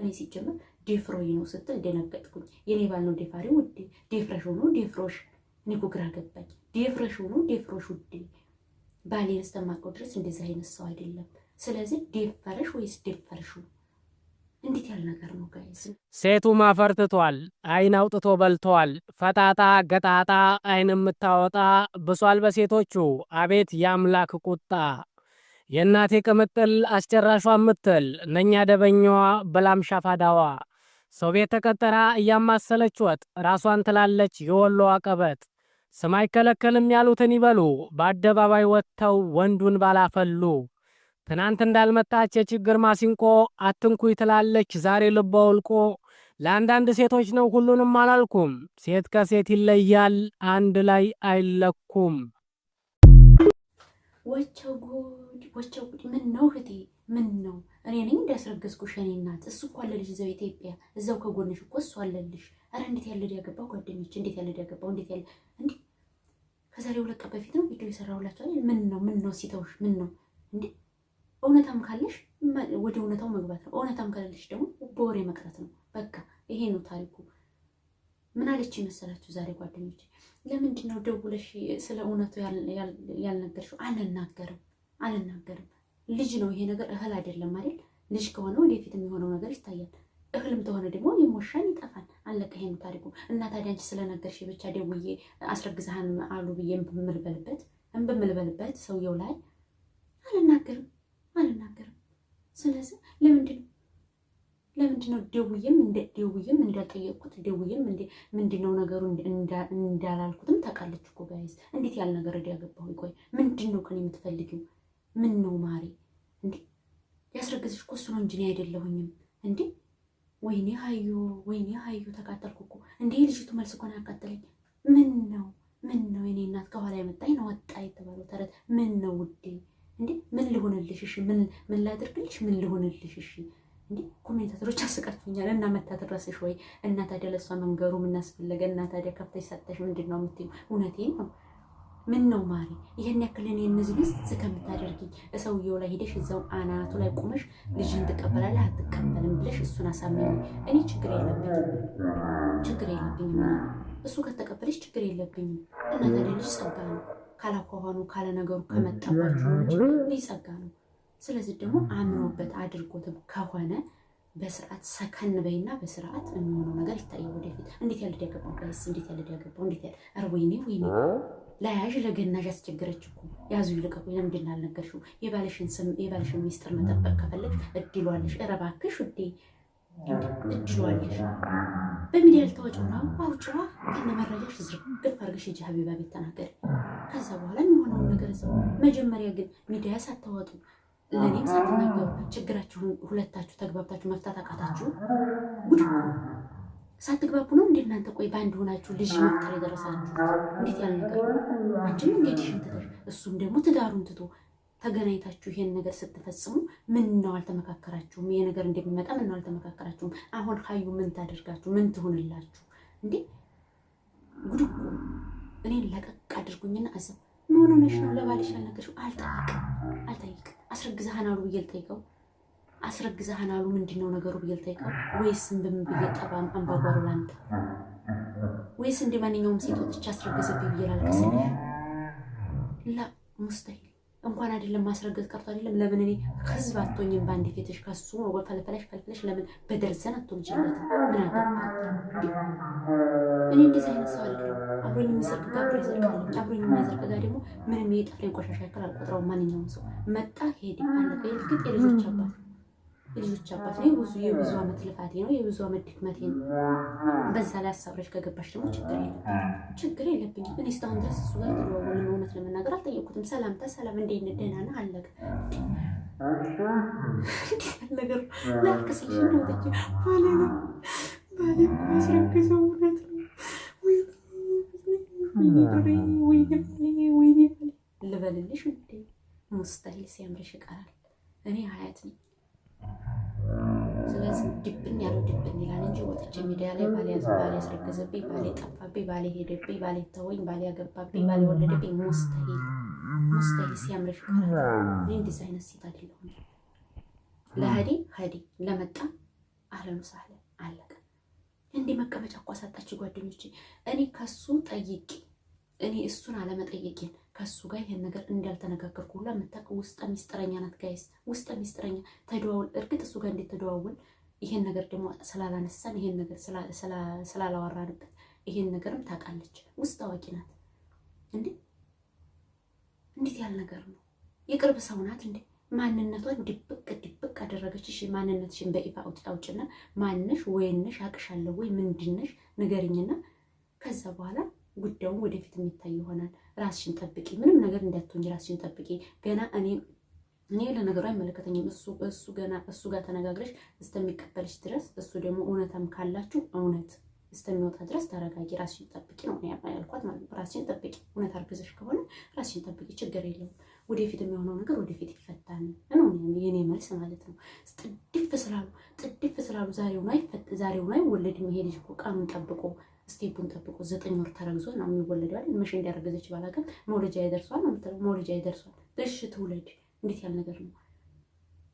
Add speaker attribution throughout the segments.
Speaker 1: እኔ ሲጀምር ዴፍሮይ ነው ስትል ደነገጥኩኝ። የኔ ባል ነው ዴፋሪ ውዴ፣ ዴፍረሽ ሆኖ ዴፍሮሽ። እኔ እኮ ግራ ገባኝ። ዴፍረሽ ሆኖ ዴፍሮሽ እኔ ግራ ገባኝ ዴፍረሽ ሆኖ ዴፍሮሽ ውዴ ባሌን እስተማውቀው ድረስ እንደዚህ አይነት ሰው አይደለም። ስለዚህ ዴፈረሽ ወይስ ዴፈረሹ? እንዴት ያለ ነገር ነው ጋይስ?
Speaker 2: ሴቱ ማፈርትቷል፣ አይን አውጥቶ በልቷል ፈጣጣ ገጣጣ አይን የምታወጣ ብሷል በሴቶቹ። አቤት የአምላክ ቁጣ የእናቴ ቅምጥል አስጨራሿ ምትል እነኛ ደበኛዋ በላም ሻፋዳዋ ሰው ቤት ተቀጠራ እያማሰለች ወጥ ራሷን ትላለች የወሎዋ ቀበጥ ስም አይከለከልም ያሉትን ይበሉ በአደባባይ ወጥተው ወንዱን ባላፈሉ ትናንት እንዳልመጣች የችግር ማሲንቆ አትንኩይ ትላለች ዛሬ ልቧ ውልቆ ለአንዳንድ ሴቶች ነው ሁሉንም አላልኩም ሴት ከሴት ይለያል አንድ ላይ አይለኩም
Speaker 1: ወቸው ጉድ ወቸ ምን ነው እህቴ፣ ምን ነው? እኔ ነኝ እንዳስረገዝኩሽ። እኔ እናት፣ እሱ እኮ አለልሽ እዛው ኢትዮጵያ፣ እዛው ከጎንሽ እኮ እሱ አለልሽ። ኧረ እንዴት ያለድ ያገባው ጓደኞች፣ እንዴት ያለድ ያገባው፣ እንዴት ያለ እንዴ! ከዛሬ ሁለት ቀን በፊት ነው ቪዲዮ የሰራሁላችሁ ምን ነው ምን ነው ሲተውሽ፣ ምን ነው እንዴ! እውነታም ካለሽ ወደ እውነታው መግባት ነው። እውነታም ካለሽ ደግሞ በወሬ መቅረት ነው። በቃ ይሄ ነው ታሪኩ። ምን አለች መሰላችሁ ዛሬ ጓደኞች? ለምንድን ነው ደውለሽ ስለ እውነቱ ያልነገርሽው? አንናገርም አልናገርም። ልጅ ነው ይሄ ነገር እህል አይደለም አይደል? ልጅ ከሆነ ወደፊት የሚሆነው ነገር ይታያል። እህልም ተሆነ ደግሞ የሞሻን ይጠፋል። አለቀ። ይሄን ታሪኩ። እና ታዲያ አንቺ ስለነገርሽ ብቻ ደውዬ አስረግዝሃን አሉ ብዬ እምብምልበልበት እምብምልበልበት ሰውየው ላይ አልናገርም አልናገርም። ስለዚህ ለምንድን ነው ለምንድን ነው ደውዬም ደውዬም እንዳልጠየቅኩት ደውዬም ምንድን ነው ነገሩ እንዳላልኩትም ታውቃለች እኮ ጋይዝ። እንዴት ያለ ነገር እዳ ገባሁ። ቆይ ምንድን ነው ከእኔ የምትፈልጊው? ምን ነው ማሬ እንዴ ያስረገዝሽ እኮ እሱ ነው እንጂ እኔ አይደለሁኝም እንዴ ወይኔ ሀዩ ወይኔ ሀዩ ተቃጠልኩ እኮ እንዴ ልጅቱ መልስ እኮ ነው ያቃጠለኝ ምን ነው ምን ነው የኔ እናት ከኋላ የመጣኝ ነው ወጣ የተባለው ተረት ምን ነው ውዴ እንዴ ምን ልሆንልሽ እሺ ምን ምን ላድርግልሽ ምን ልሆንልሽ እሺ እንዴ ኮሜንታተሮች አስቀርቶኛል እና መታደረስሽ ወይ እና ታዲያ ለእሷ መንገሩ ምን አስፈለገ እና ታዲያ ከፍተሽ ሰጠሽ ምንድን ነው የምትይው እውነቴን ነው ምን ነው ማሪ፣ ይሄን ያክል እኔ እንዝንዝ እስከምታደርጊኝ ሰውየው ላይ ሄደሽ እዛው አናቱ ላይ ቁመሽ ልጅን ትቀበላለህ አትቀበልም ብለሽ እሱን አሳመኝ። እኔ ችግር የለብኝም ችግር የለብኝም እሱ ከተቀበለሽ ችግር የለብኝም። እናንተ ልጅ ጸጋ ነው፣ ካላኳኋኑ ካለነገሩ ከመጣባችሁ እንጂ ልጅ ጸጋ ነው። ስለዚህ ደግሞ አምኖበት አድርጎትም ከሆነ በስርዓት ሰከን በይና በስርዓት የሚሆነው ነገር ይታየ ወደፊት። እንዴት ያልድ ያገባው ጋይስ፣ እንዴት ያልድ ያገባው እንዴት ያል ወይኔ ወይኔ ለያዥ ለገናዥ አስቸገረች እኮ ያዙ ይልቀቁ። ለምንድን አልነገርሽው? የባልሽን ሚስጥር መጠበቅ ከፈለግ እድሏለሽ። እረባክሽ ውዴ እድሏለሽ። በሚዲያ ልታወጪው ነው። አውጪዋ ከነ መረጃሽ ዝርግፍ አድርገሽ ሂጂ ሀቢባ ቤት ተናገሪ። ከዛ በኋላ የሚሆነውን ነገር እዛው። መጀመሪያ ግን ሚዲያ ሳታወጡ ለእኔም ሳትናገሩ ችግራችሁን ሁለታችሁ ተግባብታችሁ መፍታት አቃታችሁ ጉድ ሳትግባቡ ነው እንዴ እናንተ ቆይ በአንድ ሆናችሁ ልጅ መፍጠር የደረሳችሁ እንዴት ያለ ነገር አንቺም እንግዲህ እሱም ደግሞ ትዳሩን ትቶ ተገናኝታችሁ ይሄን ነገር ስትፈጽሙ ምን ነው አልተመካከራችሁም? ይሄ ነገር እንደሚመጣ ምን ነው አልተመካከራችሁም? አሁን ሀዩ ምን ታደርጋችሁ? ምን ትሆንላችሁ? እንዴ ጉድ እኮ እኔን ለቀቅ አድርጉኝና እዛ ምን ሆነሽ ነው ለባልሽ ያልነገርሽው? አልጠይቅም አልጠይቅም አስረግዝሃናሉ ብዬ ልጠይቀው አስረግዘህን አሉ ምንድን ነው ነገሩ ብዬ ልጠይቀው ወይስ እንደምን ብዬ ጠባ አንባጓሩ ላንተ ወይስ እንደ ማንኛውም ሴቶች አስረግዝብኝ ብዬ ላልቀስልሽ? ላ ሙስተሂል እንኳን አይደለም ማስረገዝ ቀርቶ አይደለም ለምን እኔ ህዝብ አትሆኝም? በአንድ ፊትሽ ከሱ ፈልፈለሽ ፈልፈለሽ ለምን በደርዘን አትሆን ችለት ምን አገባ እኔ እንደዚህ አይነት ሰው አለ አብሮኝ የሚሰርቅ ጋር አብሮ ይዘርቃለች አብሮኝ የማይዘርቅ ጋር ደግሞ ምንም የጠፍሬን ቆሻሻ ያክል አልቆጥረውም። ማንኛውም ሰው መጣ ሄድ አለቀ። የልግጥ የልጆች አባት የልጆች አባት ነው። ብዙ የብዙ አመት ልፋቴ ነው፣ የብዙ ዓመት ድክመቴ ነው። በዛ ላይ አሳብረሽ ከገባሽ ደግሞ ችግር የለም ችግር የለብኝም። እኔ እስካሁን ድረስ እሱ ጋር ተደዋወልን፣ እውነት ለመናገር አልጠየኩትም። ሰላምታ ሰላም፣ እንዴት ነህ? ደህና ነህ? አለቀ። ነገር ላልከስልሽ እንደወጠች ባለ ነው ባለ ያስረገዘው እውነት ነው። ልበልልሽ እንዴ ሙስታይል ሲያምርሽ ይቀራል። እኔ ሀያት ነኝ ስለዚህ ድብን ያለው ድብን ይላል እንጂ ወጥቼ ሚዲያ ላይ ባሌ ያስረገዘብኝ፣ ባሌ ጠፋብኝ፣ ባሌ ሄደብኝ፣ ባሌ ተወኝ፣ ባሌ ያገባብኝ፣ ባሌ ወለደብኝ ሙስተሂል ሙስተሂል። ሲያምርሽ ካለ እንደዚህ አይነት ሴት አይደለሁም። ለሀዲ ሀዲ ለመጣ አለም ሳለ አለቀ። እንዲህ መቀመጫ እኮ አሳጣች ጓደኞቼ። እኔ ከሱ ጠይቄ እኔ እሱን አለመጠየቄን ከእሱ ጋር ይሄን ነገር እንዳልተነጋገርኩ ሁላ የምታውቅ ውስጠ ሚስጥረኛ ናት። ጋይስ ውስጠ ሚስጥረኛ ተደዋውል። እርግጥ እሱ ጋር እንዴት ተደዋውል። ይሄን ነገር ደግሞ ስላላነሳን፣ ይሄን ነገር ስላላወራንበት፣ ይሄን ነገርም ታውቃለች። ውስጥ አዋቂ ናት እንዴ! እንዴት ያለ ነገር ነው! የቅርብ ሰው ናት እንዴ! ማንነቷን ድብቅ ድብቅ አደረገች። እሺ ማንነትሽን በይፋ አውጭና ማንነሽ ወይንሽ አቅሻለሁ ወይ ምንድነሽ ንገርኝና ከዛ በኋላ ጉዳዩ ወደፊት የሚታይ ይሆናል። ራስሽን ጠብቂ፣ ምንም ነገር እንዳትሆኝ ራስሽን ጠብቂ። ገና እኔ እኔ ለነገሩ አይመለከተኝም። እሱ እሱ ገና እሱ ጋር ተነጋግረሽ እስከሚቀበልሽ ድረስ እሱ ደግሞ እውነታም ካላችሁ እውነት እስከሚወጣ ድረስ ተረጋጊ፣ ራስሽን ጠብቂ ነው ያልኳት ማለት ነው። ራስሽን ጠብቂ፣ እውነት አርግዘሽ ከሆነ ራስሽን ጠብቂ፣ ችግር የለውም። ወደፊት የሚሆነው ነገር ወደፊት ይፈታል ነው የኔ መልስ ማለት ነው። ጥድፍ ስላሉ ጥድፍ ስላሉ ዛሬውን አይወለድም ይሄ ልጅ እኮ ቀኑን ጠብቆ ስቴፑን ጠብቆ ዘጠኝ ወር ተረግዞ ነው የሚወለደዋል። መቼ እንዳረገዘች ባላውቅም መውለጃ ይደርሷል ነው የምትለው። መውለጃ ይደርሷል። እሺ ትውለድ። እንዴት ያለ ነገር ነው?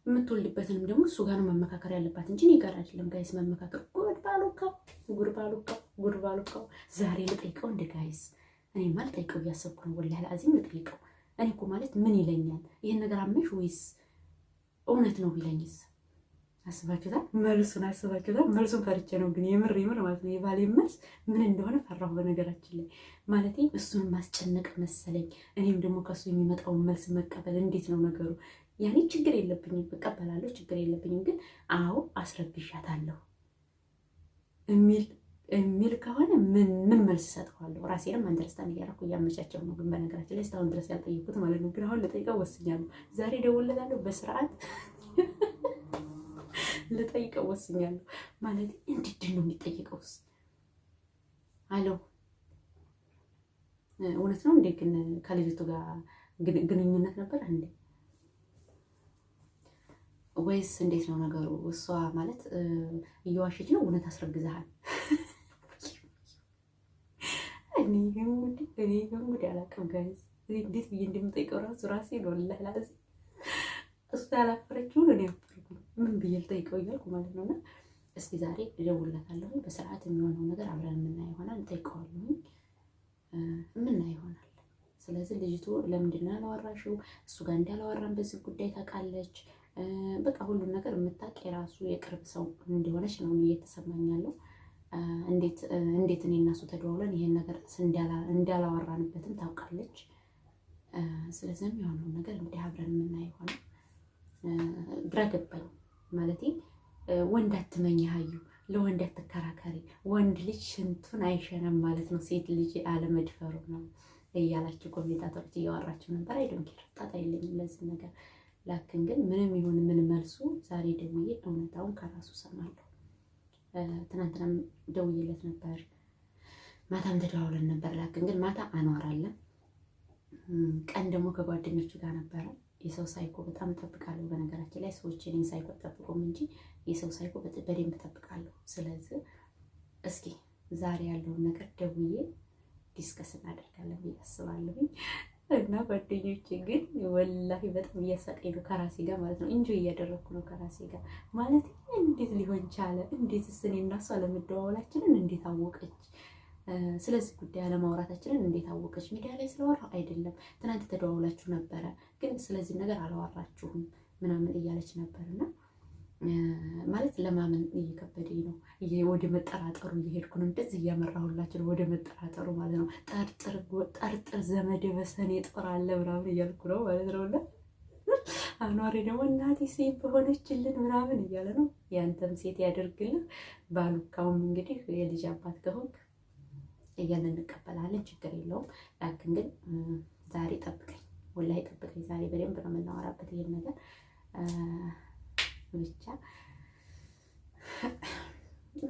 Speaker 1: የምትወልድበትንም ደግሞ እሱ ጋር ነው መመካከር ያለባት እንጂ እኔ ጋር አይደለም። ጋይስ መመካከር ጉድ ባሉካው፣ ጉድ ባሉካው፣ ጉድ ባሉካው። ዛሬ ልጠይቀው እንደ ጋይስ እኔ እኔማ ልጠይቀው እያሰብኩ ነው። ወላሂ አዚም ልጠይቀው። እኔ እኮ ማለት ምን ይለኛል? ይህን ነገር አመሽ ወይስ እውነት ነው ቢለኝስ? አስባችሁታል? መልሱን አስባችሁታል? መልሱን ፈርቼ ነው ግን የምር የምር ማለት ነው። የባሌ መልስ ምን እንደሆነ ፈራሁ። በነገራችን ላይ ማለት እሱን ማስጨነቅ መሰለኝ። እኔም ደግሞ ከሱ የሚመጣውን መልስ መቀበል እንዴት ነው ነገሩ? ያኔ ችግር የለብኝም እቀበላለሁ፣ ችግር የለብኝም ግን አዎ አስረግሻታለሁ የሚል የሚል ከሆነ ምን ምን መልስ እሰጥኋለሁ? ራሴንም አንደርስታን እያደረኩ እያመቻቸው ነው። ግን በነገራችን ላይ እስካሁን ድረስ ያልጠየኩት ማለት ነው። ግን አሁን ለጠይቀው ወስኛለሁ። ዛሬ ደውለታለሁ በስርዓት ልጠይቀው ወስኛለሁ። ማለት እንዴት ነው የሚጠይቀውስ? አለው እውነት ነው እንዴ? ግን ከልጅቱ ጋር ግንኙነት ነበር እንዴ? ወይስ እንዴት ነው ነገሩ? እሷ ማለት እየዋሸች ነው? እውነት አስረግዘሃል? እኔ ግን ጉድ እኔ ግን ጉድ አላውቅም። ጋር እንዴት ብዬ እንደምጠይቀው ራሱ ራሴ ነው ላላዝ እሱ ያላፈረችውን እኔ ምን ብዬ ልጠይቀው እያልኩ ማለት ነው። እስኪ ዛሬ እደውልለታለሁ በስርዓት የሚሆነው ነገር አብረን የምናየው ይሆናል። እንጠይቀዋለሁ የምናየው ይሆናል። ስለዚህ ልጅቱ ለምንድን ነው ያላወራሽው? እሱ ጋር እንዳላወራን በዚህ ጉዳይ ታውቃለች። በቃ ሁሉን ነገር የምታውቅ የራሱ የቅርብ ሰው እንደሆነች ነው እየተሰማኝ ያለው። እንዴት እኔ እና እሱ ተደዋውለን ይሄን ነገር እንዳላወራንበትም ታውቃለች። ስለዚህም የሆነውን ነገር እንግዲህ አብረን የምናየው ይሆናል። ግራ ገባኝ። ማለት ወንድ አትመኝ ሀዩ፣ ለወንድ አትከራከሪ፣ ወንድ ልጅ ሽንቱን አይሸነም ማለት ነው ሴት ልጅ አለመድፈሩ ነው እያላችሁ ኮሜንታተሮች እያወራችሁ ነበር። አይዶንኬር ጣጣ የለኝ ለዚህ ነገር ላክን ግን ምንም ይሁን ምን መልሱ ዛሬ ደውዬ እውነታውን ከራሱ ሰማለሁ። ትናንትናም ደውዬለት ነበር፣ ማታም ተደዋውለን ነበር። ላክን ግን ማታ አኗራለን፣ ቀን ደግሞ ከጓደኞቹ ጋር ነበረ። የሰው ሳይኮ በጣም እጠብቃለሁ። በነገራችን ላይ ሰዎች እኔን ሳይኮ ጠብቆም እንጂ የሰው ሳይኮ በደንብ እጠብቃለሁ። ስለዚህ እስኪ ዛሬ ያለውን ነገር ደውዬ ዲስከስ እናደርጋለን ብዬ አስባለሁኝ። እና ጓደኞቼ ግን ወላሂ በጣም እያሳቀኝ ነው ከራሴ ጋር ማለት ነው። እንጆ እያደረግኩ ነው ከራሴ ጋር ማለት እንዴት ሊሆን ቻለ? እንዴት ስኔ እናሷ ለመደዋወላችንን እንዴት አወቀች? ስለዚህ ጉዳይ አለማውራታችንን እንዴት አወቀች? ሚዲያ ላይ ስለወራሁ አይደለም። ትናንት ተደዋውላችሁ ነበረ፣ ግን ስለዚህ ነገር አላወራችሁም ምናምን እያለች ነበርና ማለት ለማመን እየከበደኝ ነው። ወደ መጠራጠሩ እየሄድኩ ነው። እንደዚህ እያመራሁላችሁ ወደ መጠራጠሩ ማለት ነው። ጠርጥር ዘመድ በሰኔ ጦር አለ ምናምን እያልኩ ነው ማለት ነው። እና አኗሪ ደግሞ እናቴ ሴት በሆነችልን ምናምን እያለ ነው። ያንተም ሴት ያደርግልን ባሉካውም እንግዲህ የልጅ አባት ከሆንክ እያልን እንቀበላለን። ችግር የለውም። ላክን ግን ዛሬ ጠብቀኝ፣ ወላሂ ጠብቀኝ። ዛሬ በደንብ ነው የምናወራበት ይሄን ነገር ብቻ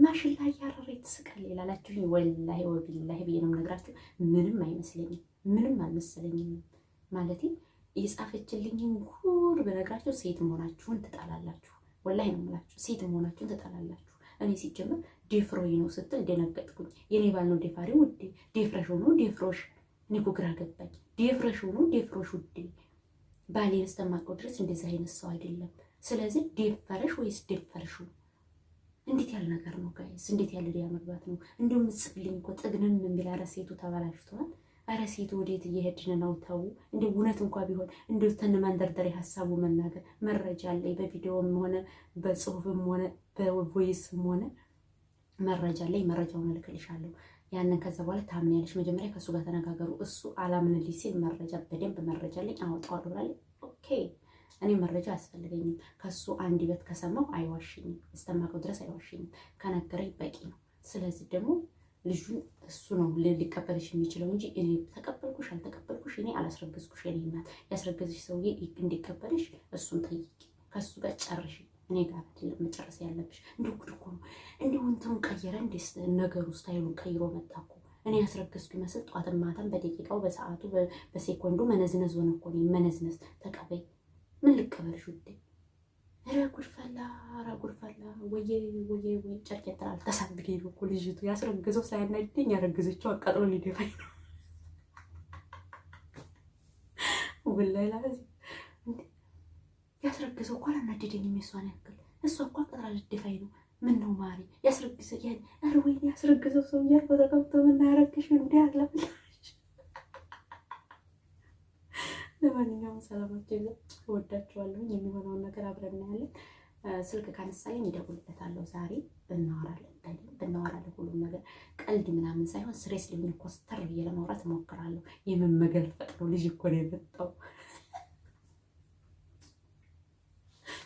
Speaker 1: ማሽን ላይ ያረረ ትስቃል ይላላችሁ። ወላሂ ወቢላሂ ብዬ ነው የምነግራችሁ። ምንም አይመስለኝም፣ ምንም አልመሰለኝም። ማለቴ የጻፈችልኝን ሁሉ በነግራችሁ ሴት መሆናችሁን ትጣላላችሁ። ወላሂ ነው የምላችሁ፣ ሴት መሆናችሁን ትጣላላችሁ። እኔ ሲጀምር ዴፍሮኝ ነው ስትል ደነገጥኩኝ። የኔ ባል ነው ዴፋሪ ውዴ፣ ዴፍረሽ ሆኖ ዴፍሮሽ፣ እኔ እኮ ግራ ገባኝ። ዴፍረሽ ሆኖ ዴፍሮሽ ውዴ፣ ባሌን እስተማውቀው ድረስ እንደዚህ አይነት ሰው አይደለም። ስለዚህ ዴፈረሽ ወይስ ዴፈርሹ? እንዴት ያለ ነገር ነው ጋይስ? እንዴት ያለ ዲያ መግባት ነው? እንዲሁም ምጽፍልኝ እኮ ጥግንን የሚል አረሴቱ ተበላሽቷል። አረሴቱ ወዴት እየሄድን ነው? ተው እንደ እውነት እንኳ ቢሆን እንደ ተንመንደርደር ሀሳቡ መናገር መረጃ አለኝ በቪዲዮም ሆነ በጽሁፍም ሆነ በቮይስም ሆነ መረጃ ላይ መረጃውን እልክልሻለሁ። ያንን ከዛ በኋላ ታምኛለሽ። መጀመሪያ ከእሱ ጋር ተነጋገሩ። እሱ አላምንልሽ ሲል መረጃ በደንብ መረጃ ላይ አወጣዋለሁ ብላለች። ኦኬ እኔ መረጃ አያስፈልገኝም። ከሱ አንድ በት ከሰማው አይዋሽኝም፣ እስተማቀው ድረስ አይዋሽኝም። ከነገረኝ በቂ ነው። ስለዚህ ደግሞ ልጁን እሱ ነው ሊቀበልሽ የሚችለው እንጂ እኔ ተቀበልኩሽ አልተቀበልኩሽ እኔ አላስረገዝኩሽ። የኔ እናት ያስረገዝሽ ሰውዬ እንዲቀበልሽ እሱን ጠይቂ፣ ከሱ ጋር ጨርሽ። እኔ ጋር አይደለም መጨረስ ያለብሽ። እንደ ጉድ እኮ ነው። እንዲሁ እንትኑን ቀየረ እንደ ነገሩ ስታይሉን ቀይሮ መጣ እኮ። እኔ ያስረገዝኩ ይመስል ጠዋትን ማታን በደቂቃው በሰዓቱ በሴኮንዱ መነዝነዝ ሆነ እኮ እኔ መነዝነዝ። ተቀበይ። ምን ልቀበልሽ ውዴ? ኧረ ጉድ ፈላ፣ ኧረ ጉድ ፈላ። ወየ ወየ ወይ ጨርቅ ይጥላል። ተሳብጌ ነው እኮ ልጅቱ ያስረገዘው። ሳያናድደኝ ያረገዘችው አቃጥሎ ሊደፋኝ ነው ወላሂ ላዚ ያስረግዘው እኮ አላናደደኝም። የሷን ያክል እሷ እኮ ቀጥራ ልደፋኝ ነው። ምን ነው ማሪ ያስረግዘ ያን ወይኔ ያስረግዘው ሰው እያል በተቀምጦ ምናያረግሽ እንዲ ያለፍላሽ። ለማንኛውም ሰላማቸው ይዘ እወዳቸዋለሁኝ። የሚሆነውን ነገር አብረን እናያለን። ስልክ ካነሳለኝ እደውልለታለሁ። ዛሬ እናወራለን እናወራለን ሁሉም ነገር ቀልድ ምናምን ሳይሆን ስሬስ ሊሆን ኮስተር ብዬ ለማውራት እሞክራለሁ። የመመገልፈጥ ነው። ልጅ እኮ ነው የመጣው።